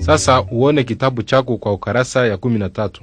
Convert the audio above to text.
Sasa uone kitabu chako kwa ukarasa ya kumi na tatu.